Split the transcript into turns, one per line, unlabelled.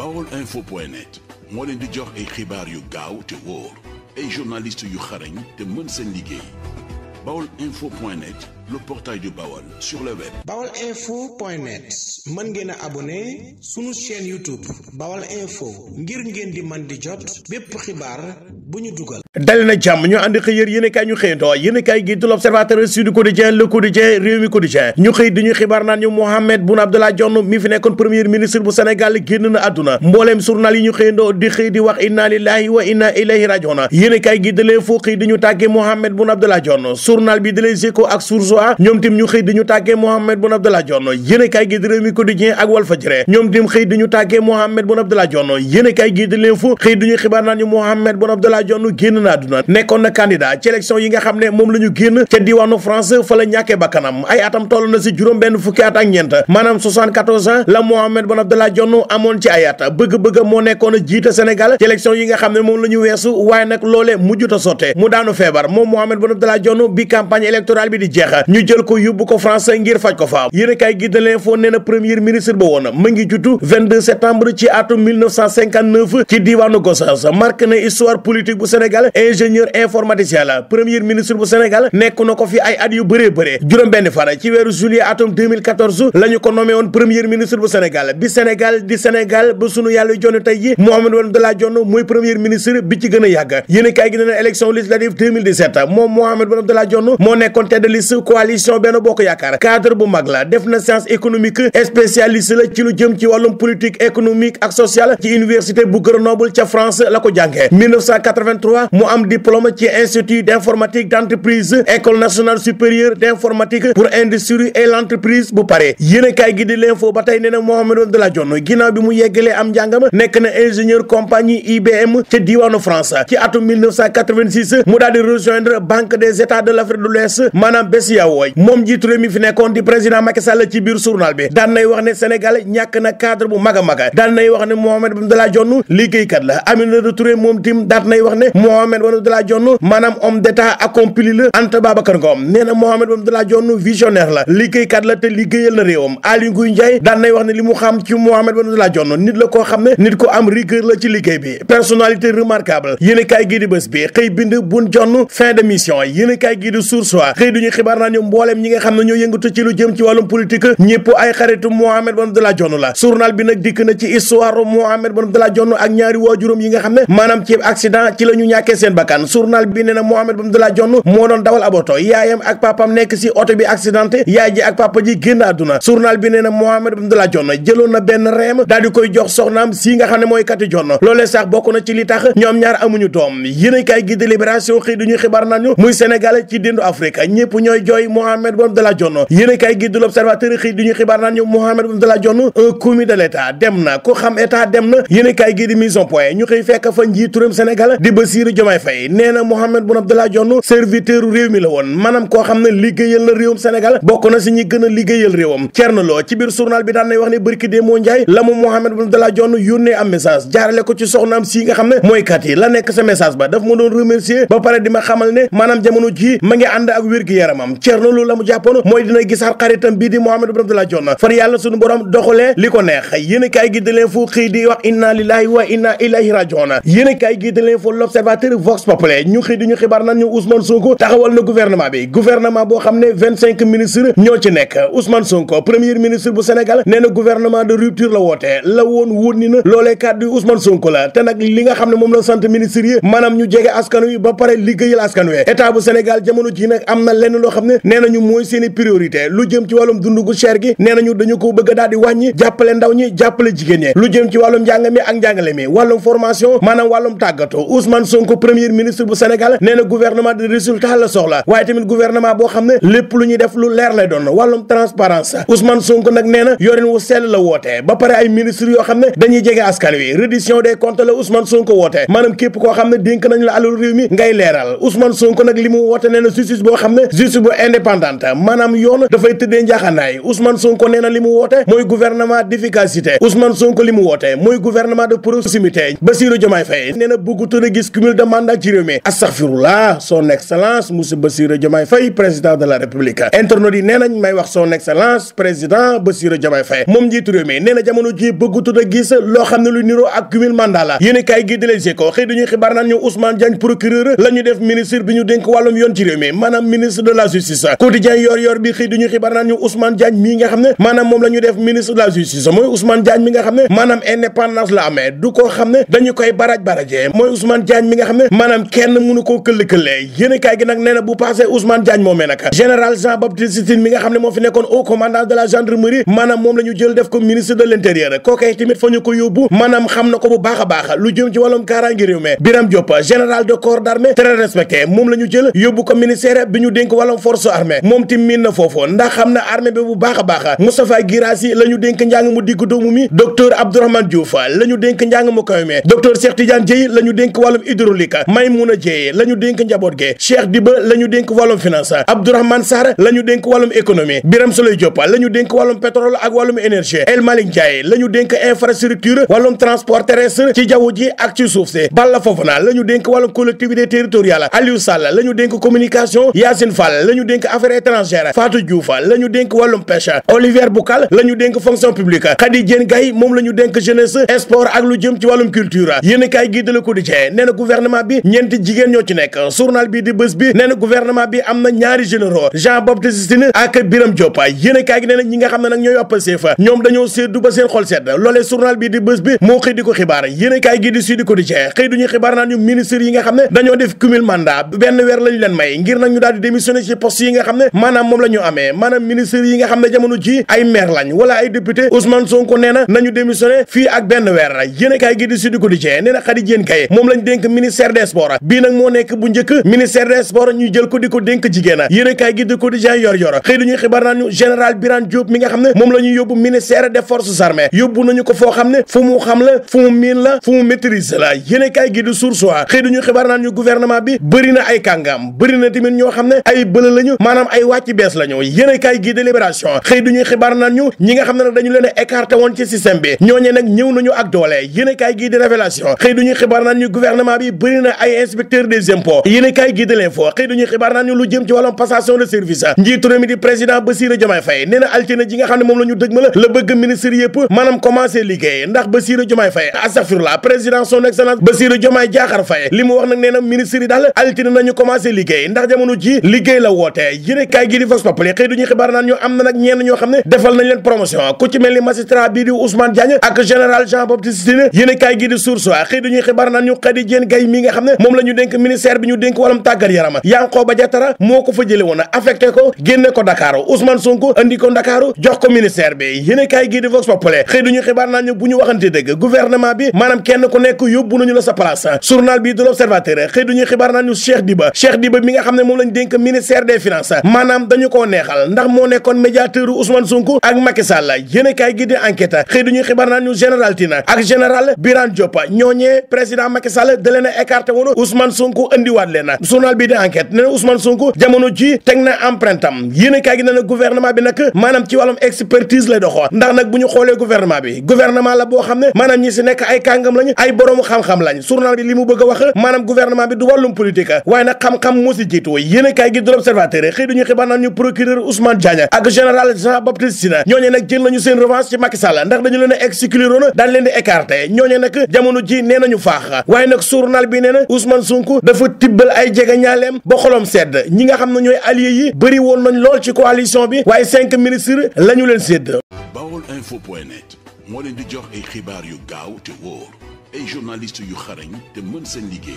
bawol info point moo leen di jox ay xibaar yu gaaw te wóor ay journaliste yu xarañ te mën seen liggéey bawol info point net le portail du Baol sur le web. baolinfo.net mën ngeen a abonné sunu chaîne YouTube Baol Info ngir ngeen di man di jot bépp xibaar bu ñu dugal. dale na jàmm ñu ànd xëy yéen kaay ñu xëyandoo yéen kaay gi du l'Observateur Sud Quotidien Le Quotidien Rewmi Quotidien ñu xëy di ñu xibaar naan ñu Mohamed Boun Abdallah Dionne mi fi nekkoon premier ministre bu Sénégal génn na àdduna mbooleem journal yi ñu xëyandoo di xëy di wax inna lillahi wa inna ilayhi raji'un yéen kaay gi de l'info xëy di ñu tàggee Mohamed Touba ñoom tim ñu xëy di ñu tàggee Mohamed Boun Abdallah Dionne yéen a kaay gi di réew mi quotidien ak Walfadjri ñoom tim xëy di ñu tàggee Mohamed Boun Abdallah Dionne a kaay na àdduna nekkoon na candidat ci nga xam ne moom la ñu génn ca diwaanu France fa la ñàkkee bakkanam ay atam ak ñeent maanaam 74 ans la Mohamed Boun Abdallah moo nekkoon jiite Sénégal ci élection yi nga xam ne moom la ñu weesu waaye nag loolee mujjuta sotte mu daanu feebar moom bi campagne électorale bi di jeexa ñu jël ko yóbbu ko France ngir faj ko fa yéen a kaay gi de premier ministre ba woon ma ngi juddu septembre ci atum ci diiwaanu Gossas marqué na histoire politique bu Sénégal ingénieur informaticien la premier ministre bu Sénégal nekk na ko fi ay at yu bëree bëree juróom benn fan ci weeru juillet atum 2014 ko nommé woon premier ministre bu Sénégal bi Sénégal di Sénégal ba sunu yàlla jonn tey ji Mahammed Boun Abdallah Dionne mooy premier ministre coalition Benno Bokk Yaakaar cadre bu mag la def na science économique spécialiste la ci lu jëm ci wàllum politique économique ak sociale ci université bu Grenoble ca France la ko jàngee 1983 mu am diplôme ci institut d'informatique d'entreprise école nationale supérieure d'informatique pour industrie et l'entreprise bu Paris yéenekaay gi di l'info ba tey nee na Mohamed Abdallah Dionne ginnaaw bi mu yeggalee am njàngam nekk na ingénieur compagnie IBM ca diwaanu France ci atum 1986 mu daal di rejoindre Banque des États de wooy moom jiitu réew mi fi nekkoon di président Macky a mag la Aminata Touré moom tim daan nay wax ne Mohamed Abdallah Dionne visionnaire la liggéeykat la te liggéeyal na réewam Aly Ngouille Ndiaye wax ne li mu xam ci Mohamed Abdallah Dionne nit la koo xam ne nit ko am rigueur la ci liggéey bi personnalité remarquable yéen a gii di bés bi xëy bind bun Dionne fin de mission yéen a gii di source xëy duñu xibaar naa naa ñu mbooleem ñi nga xam ne ñoo yëngatu ci lu jëm ci wàllum politique ñëpp ay xaritu Mohamed Boun Abdallah Dionne la journal bi nag dikk na ci histoire Mohamed Boun Abdallah Dionne ak moo doon dawal ab oto yaayam ak papam nekk si oto bi accidenté yaay ji ak papa génn àdduna journal bi nee na Mohamed Boun Abdallah Dionne jëloon na benn reem daal koy jox soxnaam si nga xam ne mooy kati Dionne loolee sax bokk ci li tax ñoom ñaar amuñu doom yéen kay gi de doy Mohamed Boun Abdallah Dionne yéen a kaay gi du l'observateur xëy di ñu xibaar naan na ku xam état dem na a kaay gi di mise en point ñu xëy fekk fa njiitu réewum Sénégal di Bassirou Diomaye Faye la woon maanaam koo xam ne na réewum Sénégal bokk na si a yónnee am message jaarale ko ci soxnaam si nga xam ne mooy kat yi la nekk sa message ba daf ma doon remercier ba pare di ma xamal ne maanaam jamono ji ma ngi ànd ak wér-gi-yaramam la mu jàppoon mooy dina gisaat xaritam bii di Mahammed Boun Abdallah Dionne far yàlla suñu borom doxalee li ko neex yéen i fu xëy di wax inna lillahi wa inna ilayhi rajiun yéen i kaay gi da leen fu l'observateur vox populi ñu xëy di ñu xibaar nan ñu Ousmane Sonko taxawal na gouvernement bi gouvernement boo xam ne vingt ñoo ci nekk Ousmane Sonko premier ministre bu Sénégal nee na de rupture la woote la woon wóor loolee kàddu yi Ousmane nee nañu mooy seeni i priorité lu jëm ci wàllum dund gu cher gi nee nañu dañu ko bëgg a daal di wàññi jàppale ndaw ñi jàppale jigéen ñi lu jëm ci wàllum njàng mi ak njàngale mi wàllum formation maanaam wàllum tàggatoo Ousmane Sonko premier ministre bu Sénégal nee na gouvernement de résultat la soxla waaye tamit gouvernement boo xam ne lépp lu ñuy def lu leer lay doon wàllum transparence Ousmane Sonko nag nee na yorin wu sell la wootee ba pare ay ministre yoo xam ne dañuy jege askan wi reddition des comptes wootee maanaam képp koo xam ne dénk nañ la alalu réew mi ngay leeral Ousmane Sonko nag li mu woote indépendante maanaam yoon dafay tëddee njaaxanaay Ousmane Sonko nee na li mu woote mooy gouvernement d'efficacité Ousmane Sonko li mu woote mooy gouvernement de proximité Bassirou Diomaye Faye nee na bëggutoon a gis loo xam ne lu niroo ak cumul mandat la yéen kaay gi delegsee ko xëy dañuy xibaar naan ñu Ousmane Diagne procureur la def ministre bi ñu dénk wàllum yoon ci réew mi maanaam ministre de la justice justice quotidien yor yor bi xëy duñu xibaar naan ñu Ousmane Diagne mii nga xam ne maanaam indépendance la amee du koo xam ne dañu koy baraj barajee mooy Ousmane Diagne mi nga xam ne maanaam kenn mënu koo këll-këllee yéen kaay gi nag nee na bu passé Ousmane Diagne moomee nag général Jean Baptiste Tine mi nga xam ne moo fi nekkoon au commandant de la gendarmerie maanaam moom la jël def ko ministre de l'intérieur kookee tamit fa ñu ko yóbbu maanaam xam na ko bu force armée moom tim miin na foofu ndax xam na armée bi bu baax a baax Moustapha Guirassy la ñu dénk njàng mu digg doomu mi docteur Abdourahmane Diouf la ñu dénk njàng mu kawe mi docteur Cheikh Tidiane Dieye la ñu dénk wàllum hydraulique Maymouna Dieye la ñu dénk njaboot ge Cheikh Diba la ñu dénk wàllum finance Abdourahmane Sarr la ñu dénk wàllum économie Birame Souleye Diop la ñu dénk wàllum pétrole ak wàllum énergie El Malick Ndiaye la ñu dénk infrastructure wàllum transport terrestre ci jaww ji ak ci suuf si Balla Fofana la ñu dénk wàllum collectivité territoriale Aliou Sall la ñu dénk communication la ñu dénk affaires étrangères Fatou Diouf la ñu dénk wàllum pêche Olivier Boucal la ñu dénk fonction publique Khady Diène moom la ñu dénk jeunesse ak lu jëm ci wàllum culture yéen gii de la Quotidien nee na gouvernement bi ñeenti jigéen ñoo ci nekk journal bi di bés bi nee na bi am na ñaari généraux Jean Baptiste Tine ak Birame Diop yéen kaay di bés di ko xibaar yéen kaay di Sud xibaar naan ñu ministre yi nga xam ne dañoo def cumul mandat benn weer ministres yi nga xam ne maanaam moom la amee maanaam ministres yi nga xam ne jamono ji ay maire lañ wala ay député Ousmane Sonko nee na nañu démissionné fii ak benn weer yéen a kaay gi di Sud Quotidien nee na Khady Diène Gaye moom lañ dénk ministère des sports bii a kaay xëy dañuy ñu la ñu yóbbu ministère des forces armées xibaar naan ñu gouvernement bi bëri ay kàngam bëri na ñoo xam ne ay bële ñu ay wàcc bees la ñu yéen a xëy duñuy xibaar naan ñi nga xam ne nag dañu leen a écarté woon ci système bi ñooñe nag ñëw nañu ak doole yéen a de révélation xëy duñuy xibaar naan ñu bi bëri na ay inspecteur des impôts yéen a de l'info xëy duñuy xibaar naan lu jëm ci wàllum passation de service njiitu réew di président Bassirou Diomaye Faye nee altine ji nga xam ne moom la ñu dëgmal la bëgg ministre yëpp maanaam yéene kaay gi Vox Populi xëy duñu xibaar naan ñu am na nag ñenn ñoo xam ne defal nañ leen promotion ku ci mel ni magistrat bii di Ousmane Diagne ak général Jean Baptiste Tine yéene kaay gi di Source A xëy xibaar naan ñu bu ñu waxante dëgg gouvernement bi maanaam kenn ku nekk yóbbu nañu la sa place journal bii de l'Observateur xëy duñuy xibaar naan ñu Cheikh Diba Cheikh Diba mi nga xam ne moom lañ dénk ministère des finance dañu koo neexal ndax moo nekkoon médiateur Ousmane Sonko ak Macky Sall yéenekaay gi di enquête xëy duñu xibaar naan ñu général Tine ak général Birane Diop ñooñee président Macky Sall da leen a écarté woon Ousmane Sonko andiwaat leen journal bi di enquête nee na Ousmane Sonko jamono ji teg na empreinte am gi nee na bi nag maanaam ci wàllum expertise lay doxoo ndax nag bu ñu xoolee gouvernement bi gouvernement la boo xam ne maanaam ñi a Libéré xëy duñu xibaar naan ñu procureur Ousmane Diagne ak général Jean Baptiste Tine ñooñee nag jël nañu seen revanche ci Macky Sall ndax dañu leen a exclure woon daan leen di écarté ñooñee nag jamono ji nee nañu faax waaye nag journal bi nee na Ousmane dafa tibbal ay jege ñaaleem ba xolom sedd ñi nga xam na ñooy alliés yi bëri woon nañ lool ci coalition bi waaye cinq ministres la ñu leen sédd Baol info moo leen di jox ay xibaar yu gaaw te wóor ay journalistes yu xarañ te mën seen liggéey